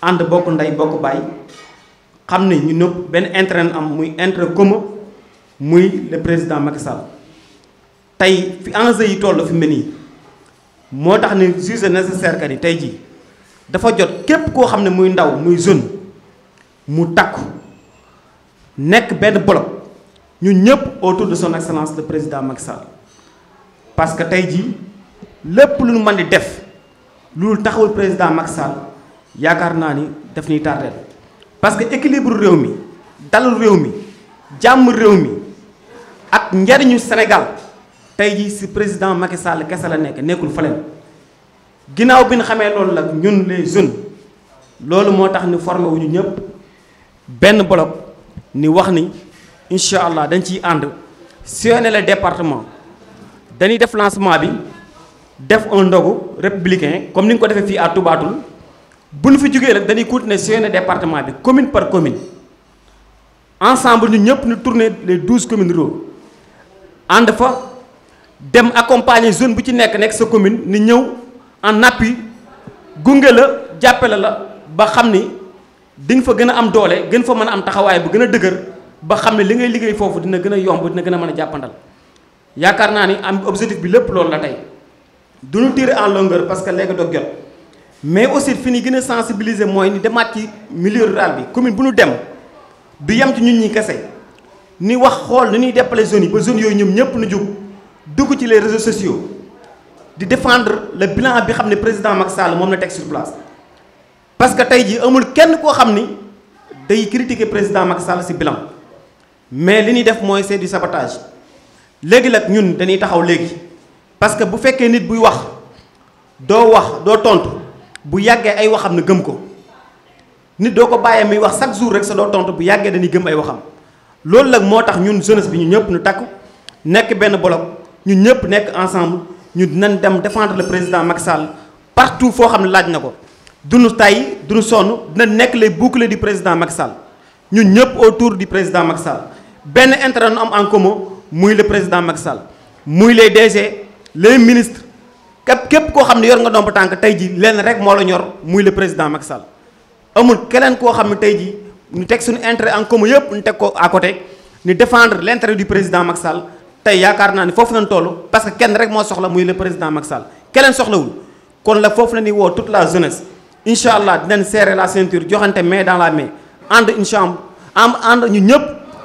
ànd bokk ndey bokk baay xam ne ñu nëpp benn intérêt am muy intérêt commun muy le président Macky tey fi enjeu yi toll fi mu ne nii moo tax ne juge nécessaire que ni tey jii dafa jot képp koo xam ne muy ndaw muy jeune mu takku nekk benn bloc ñun ñëpp autour de son excellence le président Macky Sall parce que tey jii lépp lu ñu mën di def loolu taxawul président Macky yaakaar naa ni daf ñuy tardeel parce que équilibre réew mi dalul réew mi jàmm réew mi ak njariñu Sénégal tey jii si président Macky Sall kese la nekk nekkul faleen ginnaaw bi ñu xamee loolu la ñun les jeunes loolu moo tax ni formé wuñu ñëpp benn bloc ni wax ni incha allah dañ ciy ànd sillonner le département dañuy def lancement bi def un ndogu républicain comme ni nga ko defee fii à Toubatoul bu ñu fi jógee nag dañuy si wenn département bi commune par commune ensemble ñu ñëpp ñu tourner les douze communes rurales fa dem accompagner zone bu ci nekk nekk sa commune ni ñëw en appui gunge la jàppale la ba xam ni di fa gën a am doole gën fa mën a am taxawaay bu gën a dëgër ba xam ne li ngay liggéey foofu dina gën a yomb dina gën a mën a jàppandal yaakaar naa ni am objectif bi lépp loolu la tey du ñu tirer en longueur parce que léegi doog jot. mais aussi fi ñu gën a sensibiliser mooy ni demaat ci milieu rural bi commune bu ñu dem du yem ci ñun ñi kese ni wax xool ni ñuy déppale zones yi ba zones yooyu ñoom ñëpp nu jug dugg ci les réseaux sociaux di défendre le bilan bi xam ne président Macky Sall moom na teg sur place parce que tey jii amul kenn koo xam ni day critiquer président Macky Sall si bilan mais li ñuy def mooy c'est du sabotage léegi nag ñun dañuy taxaw léegi parce que bu fekkee nit buy wax doo wax doo tontu. bu yàggee ay waxam na gëm ko nit doo ko bàyyee muy wax chaque jour rek sa doo tontu bu yàggee dañuy gëm ay waxam loolu nag moo tax ñun jeunesse bi ñu ñëpp ñu takk nekk benn bloc ñun ñëpp nekk ensemble ñu dinañ dem défendre le président Macky Sall partout foo xam ne laaj na ko duñu tay duñu sonn dina nekk les boucliers di président Macky Sall ñun ñëpp autour du président Macky Sall benn intérêt nu am en commun muy le président Macky Sall muy les DG les ministres képp képp koo xam ne yor nga domb tànk tey ji lenn rek moo la ñor muy le président Macky Sall amul keneen koo xam ne tey ji ñu teg suñu intérêt en comme yëpp ñu teg ko à côté ñu défendre l' intérêt du président Macky tey yaakaar naa ni foofu lañ toll parce que kenn rek moo soxla muy le président Macky Sall keneen soxlawul kon la foofu la ñuy woo tout la jeunesse incha allah dinañ serrer la ceinture joxante mais dans la main ànd incha am ànd ñu ñëpp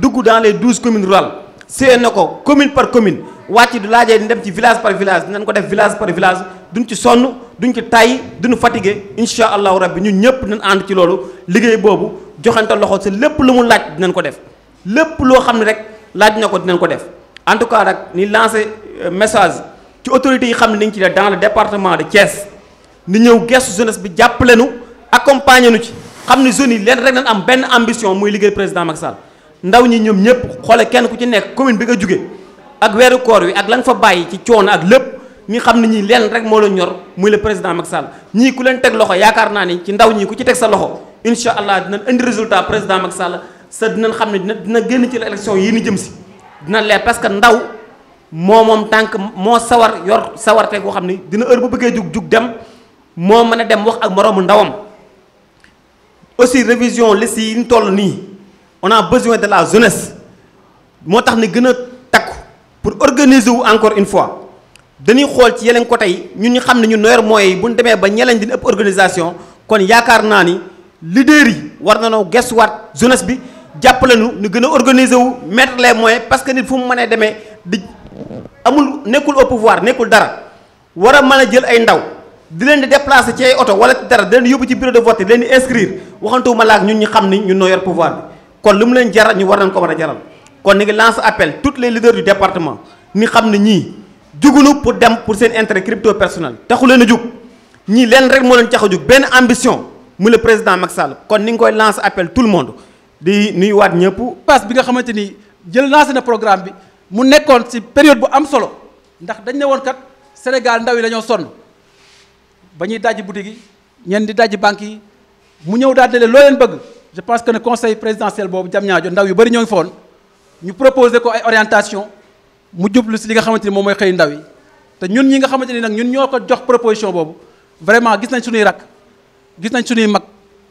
dugg dans les douze communes rurales séen na ko commune par commune wàcc du laajee di ci village par village dinañ ko def village par village duñ ci sonn duñ ci tàyyi duñu fatigué incha allahu rabbi ñun ñëpp dinañ ànd ci loolu liggéey boobu joxante loxo sa lépp lu mu laaj dinañ ko def lépp loo xam ne rek laaj na ko dinañ ko def en tout cas nag ni lancé euh, message ci autorités yi xam ne ni ci def dans le département de Thiès ni ñëw gestu jeunesse bi jàppale nu accompagné nu ci xam ni jeunes yi leen rek nañ am benn ambition muy liggéey président Macky ndaw ñi ñoom ñëpp xoole kenn ku ci nekk commune bi nga jóge ak weeru koor wi ak la fa bàyyi ci coono ak lépp ñu xam ne ñii leen rek moo la ñor muy la président Macky Sall ñii ku leen teg loxo yaakaar naa ni ci ndaw ñi ku ci teg sa loxo incha allah dina indi résultat président Macky Sall sa dinañ xam ne dina génn ci la élection yi ñu jëm si dina leer parce que ndaw moo moom tànk moo sawar yor sawarte koo xam ne dina heure bu bëggee jug jug dem moo mën a dem wax ak moroomu ndawam aussi révision liste yi ñu toll nii on a besoin de la jeunesse moo tax ne gën a takku pour organiser wu encore une fois dañuy xool ci yeneen côté yi ñun ñu xam ne ñu noor moyens yi bu ñu demee ba ñeleen dina ëpp organisation kon yaakaar naa ni leader yi war na noo gestuwaat jeunesse bi jàppale nu ñu gën a organiser wu metre les moyens parce que nit fu mu mënee demee di amul nekkul au nekkul dara war a mën a jël ay ndaw di leen di déplacer ci ay oto wala dara di leen yóbbu ci bureau de vote di leen di inscrire waxantuwuma laak ñun ñu xam ni ñun noo yor kon lu mu leen jaral ñu war nañ ko mën a jaral kon ni ngi lance appel tous les leaders du département ni xam ne ñii jugunu pour dem pour seen intérêt crypto personnel taxu leen a jug ñii leen rek moo leen tax a jug benn ambition mu la président Macky Sall kon ni ngi koy lance appel tout le monde di nuyuwaat ñëpp. pass bi nga xamante ni jël lancé na programme bi mu nekkoon ci période bu am solo ndax dañ ne woon kat Sénégal ndaw yi dañoo sonn ba ñuy dajj boutique yi ñenn di dajji banque yi mu ñëw daal ne loo leen bëgg. je pense que ne conseil présidentiel boobu jam ñaajo ndaw yu bëri ñoo ngi foon ñu proposé ko ay orientation mu jublu si li nga xamante ni moom mooy xëy ndaw yi te ñun ñi nga xamante ni nag ñun ñoo ko jox proposition boobu vraiment gis nañ suñuy rakk gis nañ suñuy mag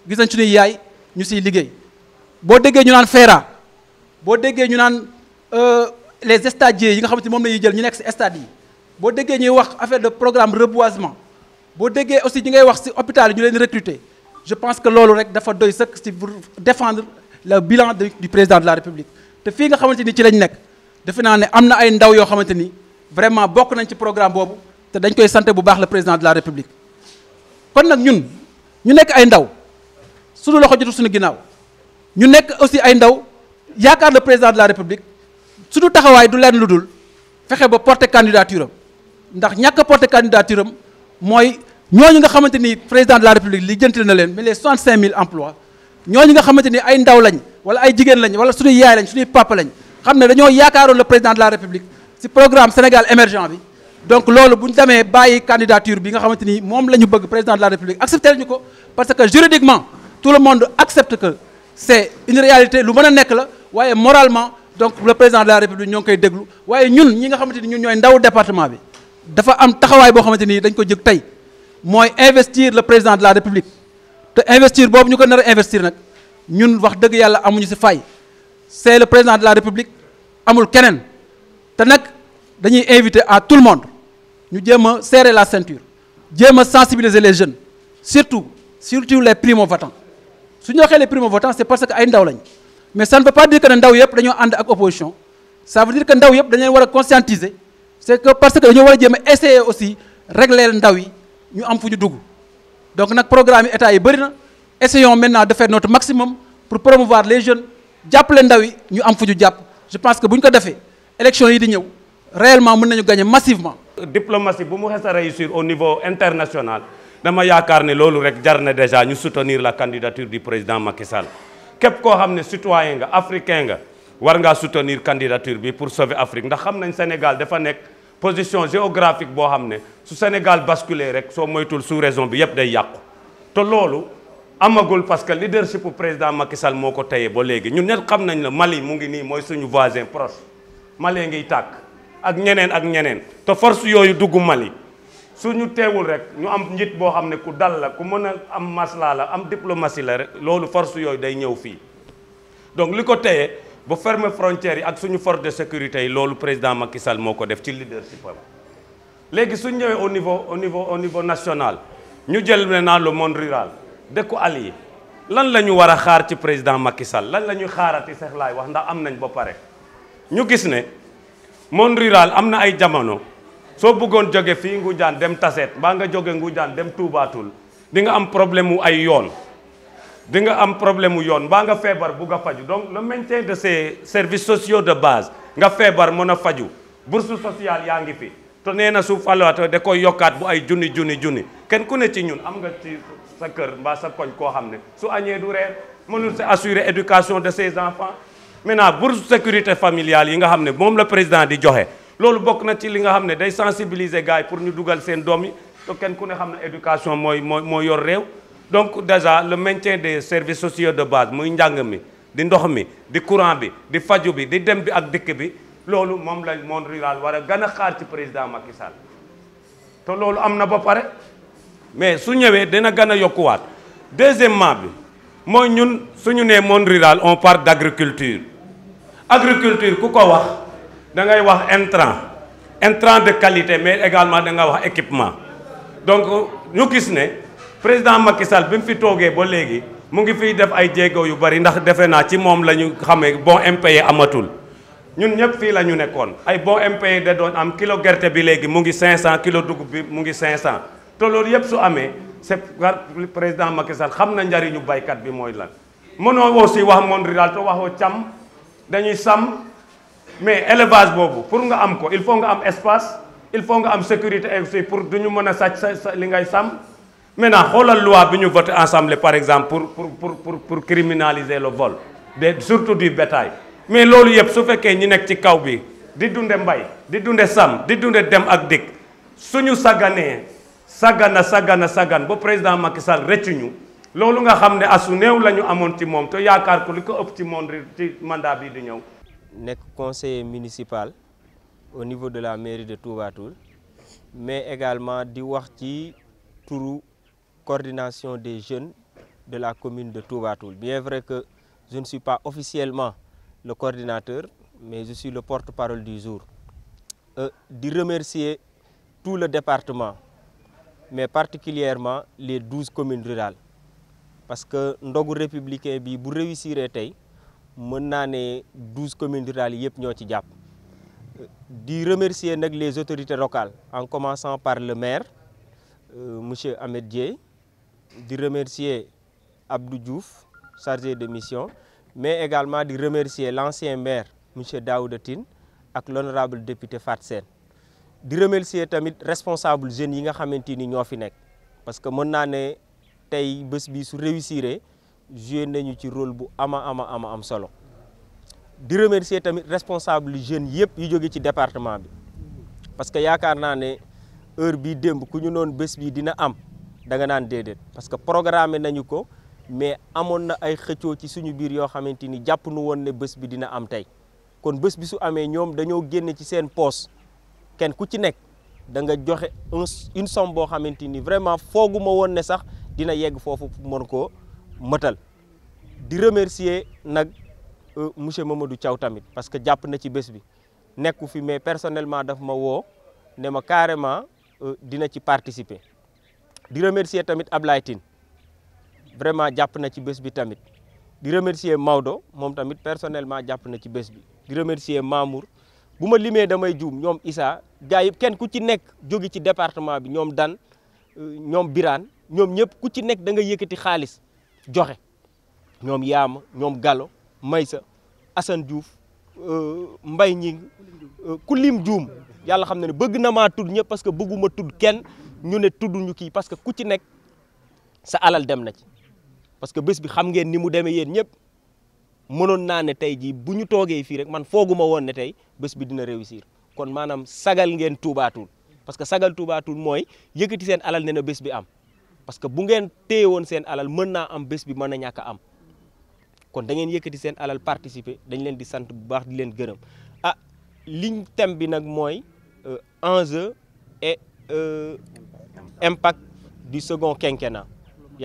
gis nañ suñuy yaay ñu si liggéey boo déggee ñu naan FERA boo déggee ñu naan euh, les stagiaires yi nga xamante ni moom la jël ñu nekk si stade yi boo déggee ñuy wax affaire de programme reboisement boo déggee aussi ñi ngay wax si hôpital yi ñu leen recruter je pense que loolu rek dafa doy sëkk si pour défendre le bilan du président de la république te fii nga xamante ni ci lañ nekk defe naa ne am na ay ndaw yoo xamante ni vraiment bokk nañ ci programme boobu te dañ koy sant bu baax le président de la république kon nag ñun ñu nekk ay ndaw suñu loxo jotu suñu ginnaaw ñu nekk aussi ay ndaw yaakaar le président de la république du taxawaay du leen lu dul fexe ba porter candidature ndax ñàkk a porter am mooy ñi nga xamante ni président de la république li jëntil na leen mais les 65000 emplois ñooñu nga xamante ni ay ndaw lañ wala ay jigéen lañ wala suñuy yaay lañ suñuy papa lañ xam ne dañoo yaakaaroon le président de la république ci programme Sénégal émergent bi donc loolu bu ñu demee bàyyi candidature bi nga xamante ni moom la ñu bëgg président de la république accepté ñu ko parce que juridiquement tout le monde accepte que c'est une réalité lu mën a nekk la waaye moralement donc le président de la république koy déglu waaye ñun ñi nga xamante ni ñun ñooy ndaw département bi dafa am taxawaay boo xamante ni dañ ko jëg tey mooy investir le président de la république te investir boobu ñu ko nar investir nag ñun wax dëgg yàlla amuñu si fay c'est le président de la république amul keneen te nag dañuy invité à tout le monde ñu jéem a serrer la ceinture jéem a sensibiliser les jeunes surtout surtout les primo-votants su ñu waxee les primo-votants c'est parce que ay ndaw lañ mais ça ne pas dire que ndaw yëpp dañoo ànd ak opposition ça veut dire que ndaw yëpp dañu leen war a conscientiser c'est que parce que dañoo war a jéem a aussi régler ndaw yi. ñu am fu ñu dugg donc nag programme yi état yi bëri na essayons maintenant de faire notre maximum pour promouvoir les jeunes jàppale ndaw yi ñu am fu jàpp je pense que bu ñu ko defee élection yi di ñëw réellement mën nañu gagner massivement. diplomatie bu mu xes a réussir au niveau international dama yaakaar ne loolu rek jar na déjà ñu soutenir la candidature du président Macky Sall képp koo xam ne citoyen nga africain nga war ngaa soutenir candidature bi pour sauver Afrique ndax xam nañ Sénégal dafa nekk. position géographique boo xam ne su Sénégal basculé rek soo moytul sous-région bi yëpp day yàqu te loolu amagul parce que leadership bu président Macky Sall moo ko teye ba léegi ñun ñëpp xam nañ la Mali mu ngi nii mooy suñu voisin proche Mali ngiy tàkk ak ñeneen ak ñeneen te force yooyu dugg Mali su ñu teewul rek ñu am njit boo xam ne ku dal la ku mën a am maslaa la am diplomatie la rek loolu force yooyu day ñëw fii donc li ko teye ba fermer frontière yi ak suñu force de sécurité yi loolu président Macky moo ko def ci leadership am léegi suñ ñëwee au niveau au niveau au niveau national ñu jël ne naa le monde rural dëkku àll yi lan la ñu war a xaar ci président Macky Sall lan la ñuy xaarati sax laay wax ndax am nañ ba pare ñu gis ne monde rural am na ay jamono soo buggoon jóge fii jaan dem Tasset mbaa nga joge ngu jaan dem Touba Toul nga am problème wu ay yoon di nga am problème mu yoon mbaa nga feebar bugg a faju donc le maintien de ces services sociaux de base nga feebar mën a faju bourse sociale yaa ngi fi te nee na su falaat da koy yokkaat bu ay junni junni junni kenn ku ne ci ñun am nga ci sa kër mbaa sa koñ koo xam ne su añee du reer mënul sa assurer éducation de ses enfants maintenant bourse sécurité familiale yi nga xam ne moom la président di joxe loolu bokk na ci li nga xam ne day sensibiliser gars pour ñu dugal seen doom yi te kenn ku ne xam ne éducation mooy mooy moo yor réew donc déjà le maintien des service sociaux de base muy njàng mi di ndox mi di courant bi di faju bi di dem bi ak dikk bi loolu moom la monde rural war a gën a xaar ci président Macky Sall te loolu am na ba pare mais su ñëwee dina gën a yokkuwaat deuxièmement bi mooy ñun suñu nee monde rural on parle d' agriculture agriculture ku ko wax da ngay wax intrant intrant de qualité mais également da nga wax équipement donc ñu gis ne président Macky Sall bi mu fi toogee ba léegi mu ngi fiy def ay jéego yu bari ndax defe naa ci moom la ñu xamee bon impayé amatul ñun ñëpp fii la ñu nekkoon ay bon impayé da doon am kilo gerte bi léegi mu ngi cinq cent kilo dugub bi mu ngi 500 te loolu yëpp su amee c'est président Macky xam na njariñu baykat bi mooy lan. mënoo aussi wax monde rural te waxoo càmm dañuy sam mais élevage boobu pour nga am ko il faut nga am espace il faut nga am sécurité aussi pour du mën a sàcc sa li ngay sàmm. maintenant xoolal loi bi ñu voté ensemble par exemple pour pour pour pour pour criminaliser le vol de surtout du bétail mais loolu yëpp su fekkee ñi nekk ci kaw bi di dunde mbay di dunde sàmm di dunde dem ak dikk suñu sagganee saggana saggana saggan ba président Macky Sall rëccu ñu loolu nga xam ne asu néew la ñu amoon ci moom te yaakaar ko li ko ëpp ci moom ci mandat bii di ñëw. nekk conseiller municipal au niveau de la mairie de Touba mais également di wax ci turu. coordination des jeunes de la commune de Toubatoul. Bien vrai que je ne suis pas officiellement le coordinateur, mais je suis le porte-parole du jour. Euh, di de remercier tout le département, mais particulièrement les 12 communes rurales. Parce que ndogu républicain bi bu réussir tey mën naa ne 12 communes rurales yëpp ñoo ci jàpp. Euh, di remercier nag les autorités locales en commençant par le maire euh, monsieur Ahmed Dieye di remercier Abdou Diouf chargé de mission mais également di remercier l'ancien maire monsieur Daouda Tine ak l'honorable député Fat Sène di remercier tamit responsable jeunes yi nga xamante ni ñoo fi nekk parce que mën naa ne tey bés bi su réussire joué nañu ci rôle bu ama ama ama am solo di remercier tamit responsable jeunes yëpp yu joge ci département bi parce que yaakaar naa ne heure bii démb ku ñu noon bés bi dina am da nga naan déedéet parce que programme nañu ko mais amoon na ay xëccoo ci suñu biir yoo xamante ni jàpp nu woon ne bës bi dina am tey kon bës bi su amee ñoom dañoo génne ci seen poos kenn ku ci nekk da nga joxe un une somme boo xamante ni vraiment fooguma woon ne sax dina yegg foofu mën ko mëtal di remercier nag euh, ma Mamadou caw tamit parce que jàpp na ci bës bi nekku fi mais personnellement daf ma woo ne ma carrément euh, dina ci participer di remercier tamit Ablaye Tine vraiment jàpp na ci bés bi tamit di remercier Maodo moom tamit personnellement jàpp na ci bés bi di remercier Mamour bu ma limee damay juum ñoom Issa gars yëpp kenn ku ci nekk jóge ci département bi ñoom Dan euh, ñoom biraan ñoom ñëpp ku ci nekk da nga yëkkati xaalis joxe ñoom Yaama ñoom Gallo Maysa Assane Diouf euh, mbay ñi euh, ku lim juum yàlla xam na ne bëgg na maa tudd ñëpp parce que bëgguma tudd kenn ñu ne tudd ñu kii parce que ku ci nekk sa alal dem na ci parce que bés bi xam ngeen ni mu demee yéen ñëpp mënoon naa ne tey jii bu ñu toogee fii rek man fooguma woon ne tey bés bi dina réussir kon maanaam sagal ngeen tuubaatul parce que sagal tuubaatul mooy yëkkati seen alal ne na bés bi am parce que bu ngeen téye woon seen alal mën naa am bés bi mën na ñàkk am kon dangeen yëkkati seen alal participer dañ leen di sant bu baax di leen gërëm ah liñ thème bi nag mooy euh, enjeu euh, impact du second quinquennat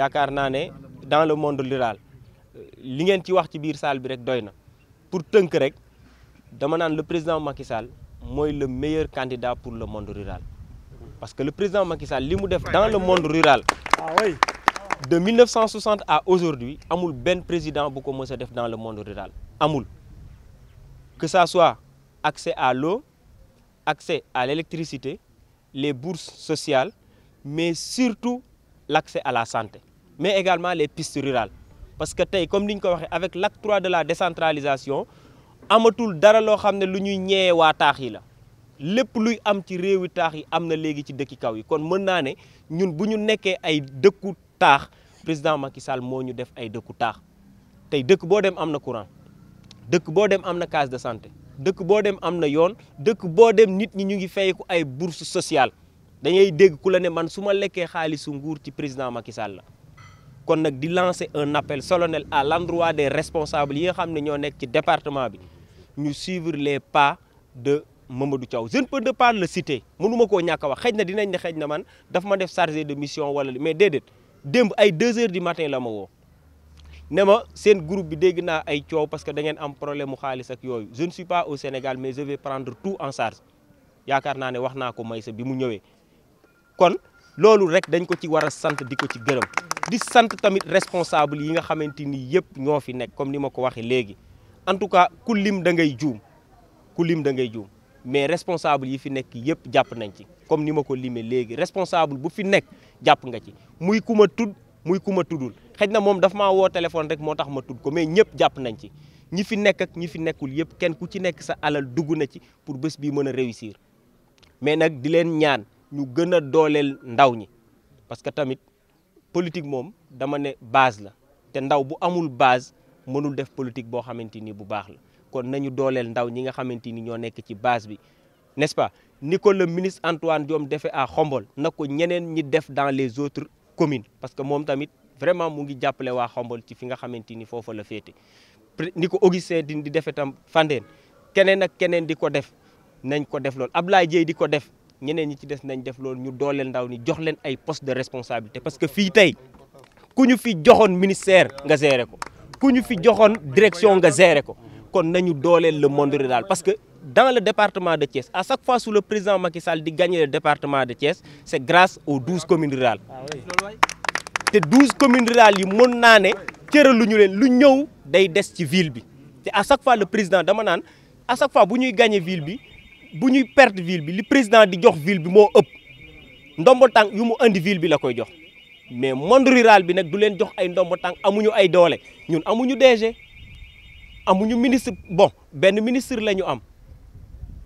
yaakaar naa ne dans le monde rural li ngeen ci wax ci biir salle bi rek doy na pour tënk rek dama naan le président Macky mooy le meilleur candidat pour le monde rural parce que le président Macky li mu def dans le monde rural de 1960 à aujourd'hui amul benn président bu ko mës a def dans le monde rural amul que ça soit accès à l'eau accès à l'électricité les bourses sociales mais surtout l'accès à la santé mais également les pistes rural parce que tey comme ni ñu ko waxee avec l'acte 3 de la décentralisation amatul dara loo xam ne lu ñuy ñeewee taax yi la lépp luy am ci réewi taax yi am na léegi ci dëkki kaw yi kon mën naa ne ñun bu ñu nekkee ay dëkku taax président Macky Sall moo ñu def ay dëkku taax tey dëkk boo dem am na courant dëkk boo dem am na case de santé dëkk boo dem am na yoon dëkk boo dem nit ñi ñu ngi fayeku ay bourse sociale dañuy dégg ku la ne man su ma lekkee xaalisu nguur ci président Macky Sall la kon nag di lancer un appel solennel à l'endroit de responsables yi nga xam ne ñoo nekk ci département bi ñu suivre les pas de Mamadou Thiaw je ne peux pas le citer mënuma koo ñàkk a wax xëj na dinañ ne xëj na man daf ma def chargé de mission wala mais déedéet démb ay deux heures du matin la ma woo ne ma seen groupe bi dégg naa ay coow parce que da ngeen am problème mu xaalis ak yooyu je ne suis au Sénégal mais je vais en charge yaakaar naa ne naa ko Maysa bi mu ñëwee kon loolu rek dañ ko ci war a sant di ko ci gërëm di sant tamit responsable yi nga xamante ni yëpp ñoo fi nekk comme ni ma ko waxee léegi en tout cas ku lim da ngay juum ku lim da ngay juum mais responsable yi fi nekk yëpp jàpp nañ ci comme ni ma ko limee léegi responsable bu fi nekk jàpp nga ci muy ku ma tudd muy ku ma tuddul xëj na moom dafa ma woo téléphone rek moo tax ma tudd ko mais ñëpp jàpp nañ ci ñi fi nekk ak ñi fi nekkul yëpp kenn ku ci nekk sa alal dugg na ci pour bés bi mën a réussir mais nag di leen ñaan ñu gën a dooleel ndaw ñi parce que tamit politique moom dama ne base la te ndaw bu amul base mënul def politique boo xamante ni bu baax la kon nañu dooleel ndaw ñi nga xamante ni ñoo nekk ci base bi n'est-ce pas ni ko le ministre Antoine Diome defee à Xombol na ko ñeneen ñi def dans les autres communes parce que moom tamit vraiment mu ngi jàppale waa Xombol ci fi nga xamante ni foofa la féete ni ko Augustin di defee tam Fandène keneen ak keneen di ko def nañ ko def loolu Ablaye Dieye di ko def ñeneen ñi ci des nañ def loolu ñu dooleel ndaw ni jox leen ay poste de responsabilité parce que fii tey ku ñu fi joxoon ministère nga gérer ko ku ñu fi joxoon direction nga gérer ko kon nañu dooleel le monde rural parce que dans le département de Thiès à chaque fois sous le président Macky Sall di gagner le département de Thiès c'est grâce aux douze communes rurales ah te douze communes rurales yi mën naa ne ñu leen lu ñëw day des ci ville bi te à chaque président dama naan à chaque bu ñuy gagner ville bi bu ñuy perte ville bi li président di jox ville bi moo ëpp ndombo tànk yu mu indi ville bi la koy jox mais monde rural bi nag du leen jox ay ndombo tànk amuñu ay doole ñun amuñu DG amuñu ministre bon benn ministre la ñu am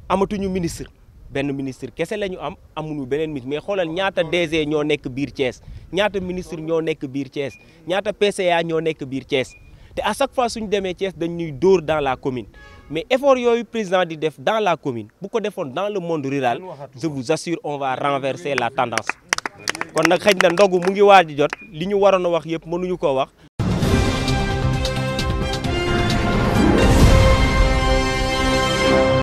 amatuñu ministre benn ministre kese lañu am amuñu beneen ministre mais xoolal ñaata DG ñoo nekk biir Thiès ñaata ministre ñoo nekk biir Thiès ñaata PCA ñoo nekk biir Thiès te à chaque fois suñu demee cees dañuy dóor dans la commune mais effort yooyu président di def dans la commune bu ko defoon dans le monde rural je vous assure on va renverser la tendance kon nag xëy na ndogu mu ngi waaj a jot li ñu waroon a wax yëpp mënuñu koo wax